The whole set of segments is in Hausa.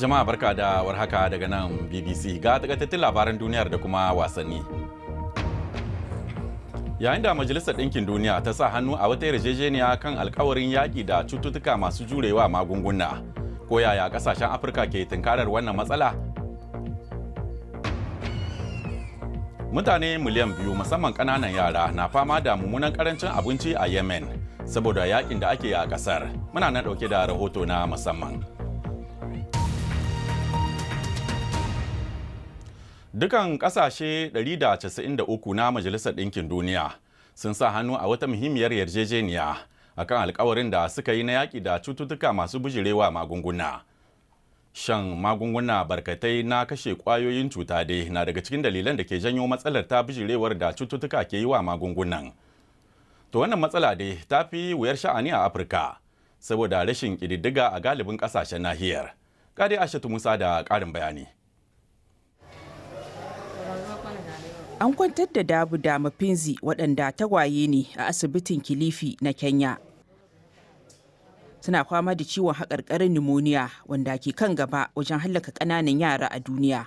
Jama'a barka da warhaka daga nan BBC ga takaitattun labaran duniyar da kuma wasanni. Yayin da Majalisar Ɗinkin Duniya ta sa hannu a wata yarjejeniya kan alkawarin yaƙi da cututtuka masu jurewa magunguna. Ko yaya ƙasashen Afirka ke tunkarar wannan matsala? Mutane miliyan biyu musamman ƙananan yara na fama da mummunan ƙarancin abinci a Yemen saboda yaƙin da ake yi a ƙasar. Muna nan ɗauke da rahoto na musamman. Dukan ƙasashe 193 na Majalisar Ɗinkin Duniya sun sa hannu a wata muhimmiyar yarjejeniya a kan alkawarin da suka yi na yaƙi da cututtuka masu bujirewa magunguna. Shan magunguna barkatai na kashe ƙwayoyin cuta dai na daga cikin dalilan da ke janyo matsalar ta bijirewar da cututtuka ke yi wa magungunan. To wannan matsala dai ta fi wuyar sha'ani a Afirka saboda rashin ƙididdiga a galibin ƙasashen nahiyar. Kade Ashatu Musa da ƙarin bayani. An kwantar da Dabu da Mafinzi waɗanda tagwaye ne a asibitin Kilifi na Kenya. Suna fama da ciwon haƙarƙarin pneumonia wanda ke kan gaba wajen hallaka ƙananan yara a duniya.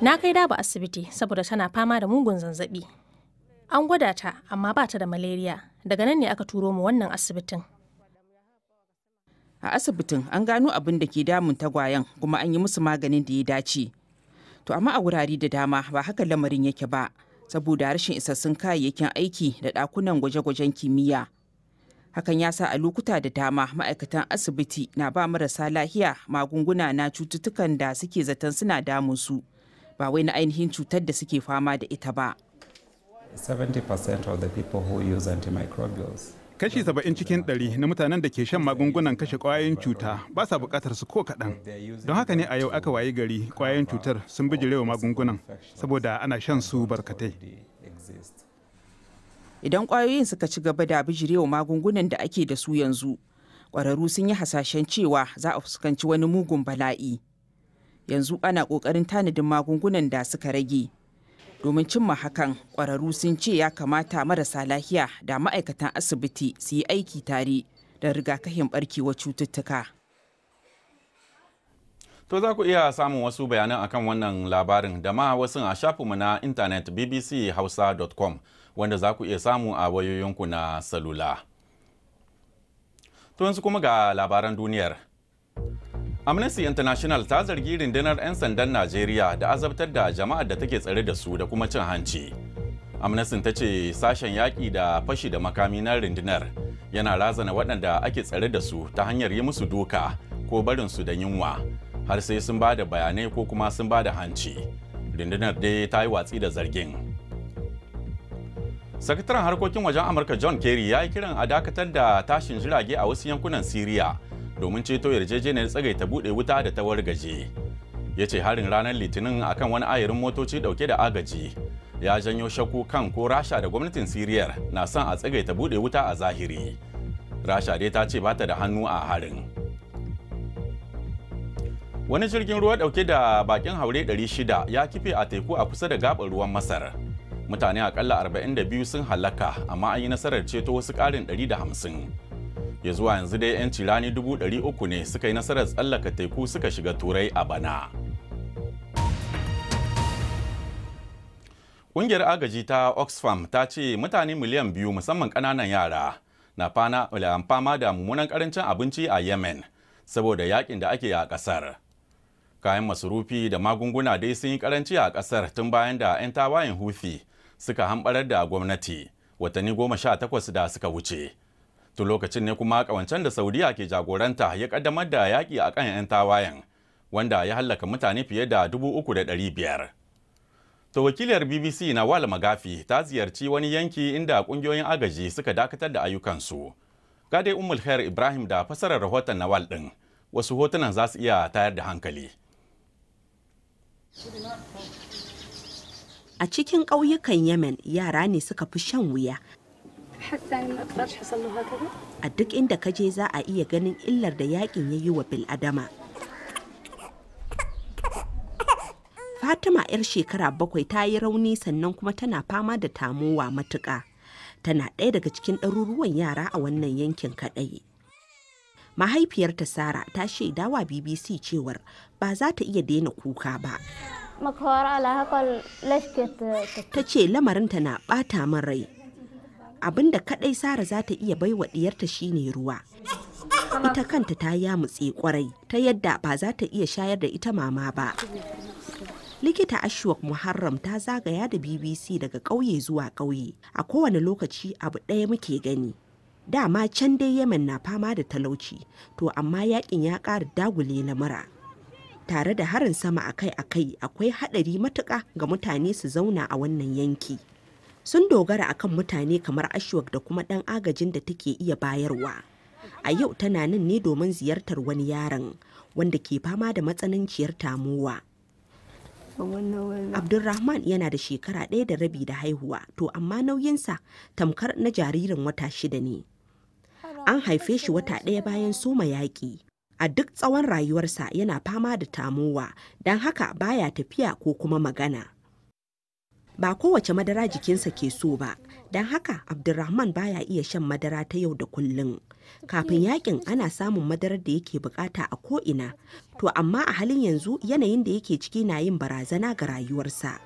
Na kai Dabu asibiti saboda tana fama da mugun zanzabi. An gwada ta amma ba ta da malaria daga nan ne aka turo mu wannan asibitin. a asibitin an gano abin da ke damun tagwayen kuma an yi musu maganin da ya dace to amma a wurare da dama ba haka lamarin yake ba saboda rashin isassun kayayyakin aiki da ɗakunan gwaje-gwajen kimiyya hakan ya sa a lokuta da dama ma'aikatan asibiti na ba marasa lahiya magunguna na cututtukan da suke zaton suna damun su ba wai na ainihin cutar da suke fama da ita ba 70% of the people who use antimicrobials Kashi saba'in cikin ɗari na mutanen da ke shan magungunan kashe kwayoyin cuta ba sa buƙatar su ko kaɗan. Don haka ne a yau aka wayi gari ƙwayoyin cutar sun bijirewa magungunan saboda ana shan su barkatai. Idan ƙwayoyin suka ci gaba da bijirewa magungunan da ake da su yanzu, ƙwararru sun yi hasashen cewa za a fuskanci wani mugun bala'i. Yanzu ana ƙoƙarin tanadin magungunan da suka rage. domin cimma hakan kwararru sun ce ya kamata marasa lafiya da ma'aikatan asibiti su yi aiki tare da rigakafin barkewar cututtuka to za ku iya samun wasu bayanan akan wannan labarin da ma wasu a shafinmu na intanet bbchausa.com wanda za ku iya samu a wayoyinku na salula to yanzu kuma ga labaran duniyar Amnesty International ta zargi rundunar 'yan sandan Najeriya da azabtar da jama'ar da take tsare da su da kuma cin hanci. Amnesty ta ce sashen yaƙi da fashi da makami na rundunar yana razana waɗanda ake tsare da su ta hanyar yi musu duka ko barin su da yunwa har sai sun ba da bayanai ko kuma sun ba da hanci. Rundunar dai ta yi watsi da zargin. sakataren harkokin wajen amurka john kerry ya yi kiran a dakatar da tashin jirage a wasu yankunan siriya domin ceto yarjejeniyar tsagaita buɗe wuta da ta wargaje ya ce harin ranar litinin akan wani ayarin motoci ɗauke da agaji ya janyo shakku kan ko rasha da gwamnatin siriyar na son a tsagaita buɗe wuta a zahiri rasha dai ta ce ba ta da hannu a harin wani jirgin ruwa ɗauke da bakin haure 600 ya kife a teku a kusa da gabar ruwan masar mutane akalla 42 sun halaka amma an yi nasarar ceto wasu ƙarin 150 ya zuwa yanzu dai 'yan cirani uku ne suka yi nasarar tsallaka teku suka shiga turai a bana Ƙungiyar agaji ta Oxfam ta ce mutane miliyan biyu musamman ƙananan yara na fama da mummunan ƙarancin abinci a Yemen saboda yakin da ake a ƙasar. Kayan masurufi da magunguna dai sun yi ƙaranci a ƙasar tun bayan da 'yan tawayen hufi suka hambarar da gwamnati watanni goma sha takwas da suka wuce. tun lokacin ne kuma kawancen da saudiya ke jagoranta ya kaddamar da yaƙi a kan 'yan tawayen wanda ya hallaka mutane fiye da 3,500 to wakiliyar bbc na wal magafi ta ziyarci wani yanki inda ƙungiyoyin agaji suka dakatar da ayyukansu ga dai khair ibrahim da fasarar rahoton nawal ɗin wasu hotunan za su iya tayar da hankali a cikin ƙauyukan yemen yara ne suka fi shan wuya a duk inda ka je za a iya ganin illar da yakin ya yi wa bil'adama. Fatima 'yar shekara bakwai ta yi rauni sannan kuma tana fama da tamowa matuƙa. Tana ɗaya daga cikin ɗaruruwan yara a wannan yankin kaɗai. Mahaifiyarta Sara ta shaidawa BBC cewar ba za ta iya daina kuka ba. Ta ce lamarinta na ɓata min rai. abin da kadai Sara za ta iya baiwa diyarta shine ruwa. Ita kanta ta yamutse kwarai ta yadda ba za ta iya shayar da ita mama ba. likita ashwak muharram ta zagaya da bbc daga ƙauye zuwa ƙauye a kowane lokaci abu ɗaya muke gani dama can dai yemen na fama da talauci to amma yakin ya ƙara dagule lamura tare da harin sama akai-akai akwai haɗari matuƙa ga mutane su zauna a wannan yanki sun dogara a kan mutane kamar ashwag da kuma ɗan agajin da take iya bayarwa. A yau tana nan ne domin ziyartar wani yaron wanda ke fama da matsananciyar tamowa. Abdulrahman yana da shekara ɗaya da rabi da haihuwa, to amma nauyinsa tamkar na jaririn wata shida ne. An haife shi wata ɗaya bayan soma yaƙi. A duk tsawon rayuwarsa yana fama da tamowa, don haka baya tafiya ko kuma magana. ba kowace madara jikinsa ke so ba don haka abdurrahman baya iya shan madara ta yau da kullum kafin yakin ana samun madarar da yake bukata a ko'ina to amma a halin yanzu yanayin da yake ciki na yin barazana ga rayuwarsa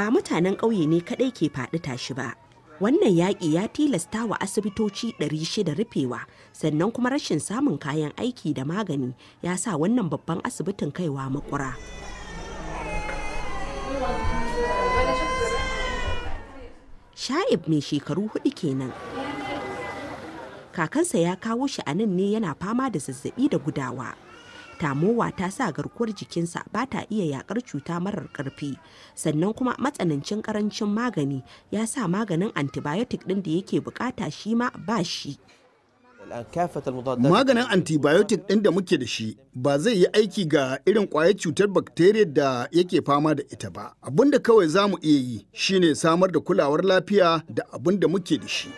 ba mutanen ƙauye ne kadai ke faɗi tashi ba wannan yaƙi ya tilasta wa asibitoci 600 rufewa sannan kuma rashin samun kayan aiki da magani ya sa wannan babban asibitin kaiwa makura. Sha'ib mai shekaru hudu kenan. Kakansa ya kawo shi a nan ne yana fama da zazzabi da gudawa. Tamowa ta sa garkuwar jikinsa ba ta iya yakar cuta marar karfi, sannan kuma matsanancin karancin magani ya sa maganin antibiotic ɗin da yake bukata shi ma ba shi. maganin antibiotic ɗin da muke da shi ba zai yi aiki ga irin ƙwayar cutar bacteria da yake fama da ita ba abin da kawai za mu iya yi shine samar da kulawar lafiya da abin da muke da shi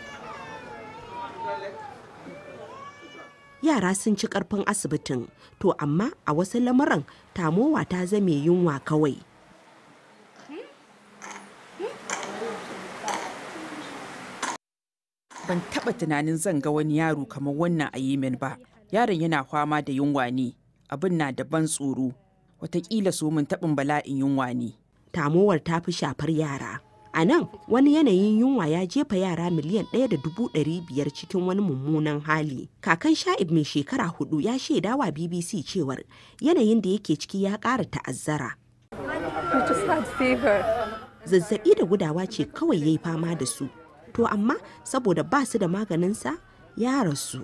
yara sun ci ƙarfin asibitin to amma a wasu lamuran tamowa ta zame yunwa kawai ban taɓa tunanin zan ga wani yaro kamar wannan a Yemen ba. Yaron yana fama da yunwa ne, abin na da ban tsoro. Wataƙila so mun taɓin bala'in yunwa ne. Tamowar ta fi shafar yara. A nan wani yanayin yunwa ya jefa yara miliyan ɗaya da dubu ɗari biyar cikin wani mummunan hali. Kakan Sha'ib mai shekara hudu ya shaida wa BBC cewar yanayin da yake ciki ya ƙara ta'azzara. Zazzaɓi da gudawa ce kawai ya yi fama da su. to amma saboda ba su da maganinsa ya rasu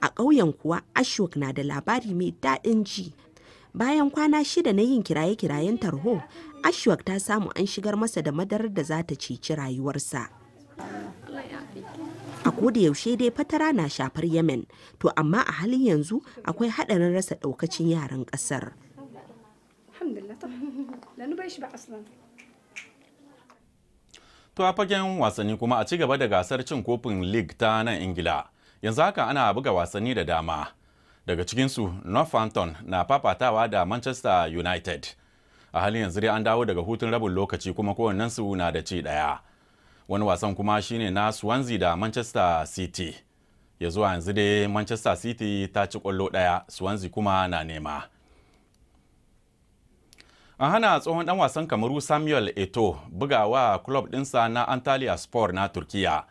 a ƙauyen kuwa ashok na da labari mai daɗin ji bayan kwana shida na yin kiraye-kirayen tarho ashwak ta samu an shigar masa da madarar da za ta ceci rayuwarsa a koda yaushe dai fatara na shafar yemen to amma a halin yanzu akwai haɗarin rasa ɗaukacin yaran ƙasar الحمد لله طبعا لانه بيشبع اصلا To a fagen wasanni kuma a ci gaba da gasar cin kofin League ta nan Ingila. Yanzu haka ana buga wasanni da dama. Daga cikinsu, Northampton na fafatawa da Manchester United. A halin yanzu dai an dawo daga hutun rabin lokaci kuma kowannensu na da ci ɗaya. Wani wasan kuma shine na Swansea da Manchester City. Ya zuwa yanzu dai Manchester City ta ci ƙwallo ɗaya, Swansea kuma na nema. A hana tsohon dan wasan kamaru samuel eto bugawa club dinsa na antalya sport na turkiya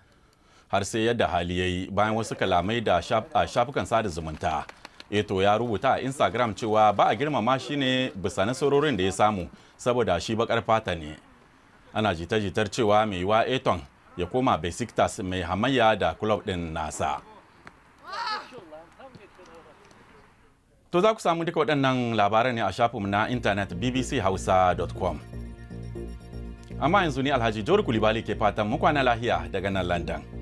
har sai yadda hali ya yi bayan wasu kalamai da a shafukan sada zumunta eto ya rubuta a instagram cewa ba a girmama shi ne bisa nasarorin da ya samu saboda shi bakar fata ne ana jita-jitar cewa mai yiwa eton ya koma besiktas mai hamayya da kulob din nasa To za ku samu duka waɗannan labaran ne a shafinmu na intanet bbchausa.com. Amma yanzu ne Alhaji Jor Kulibali ke fatan mukwana lahiya daga nan London.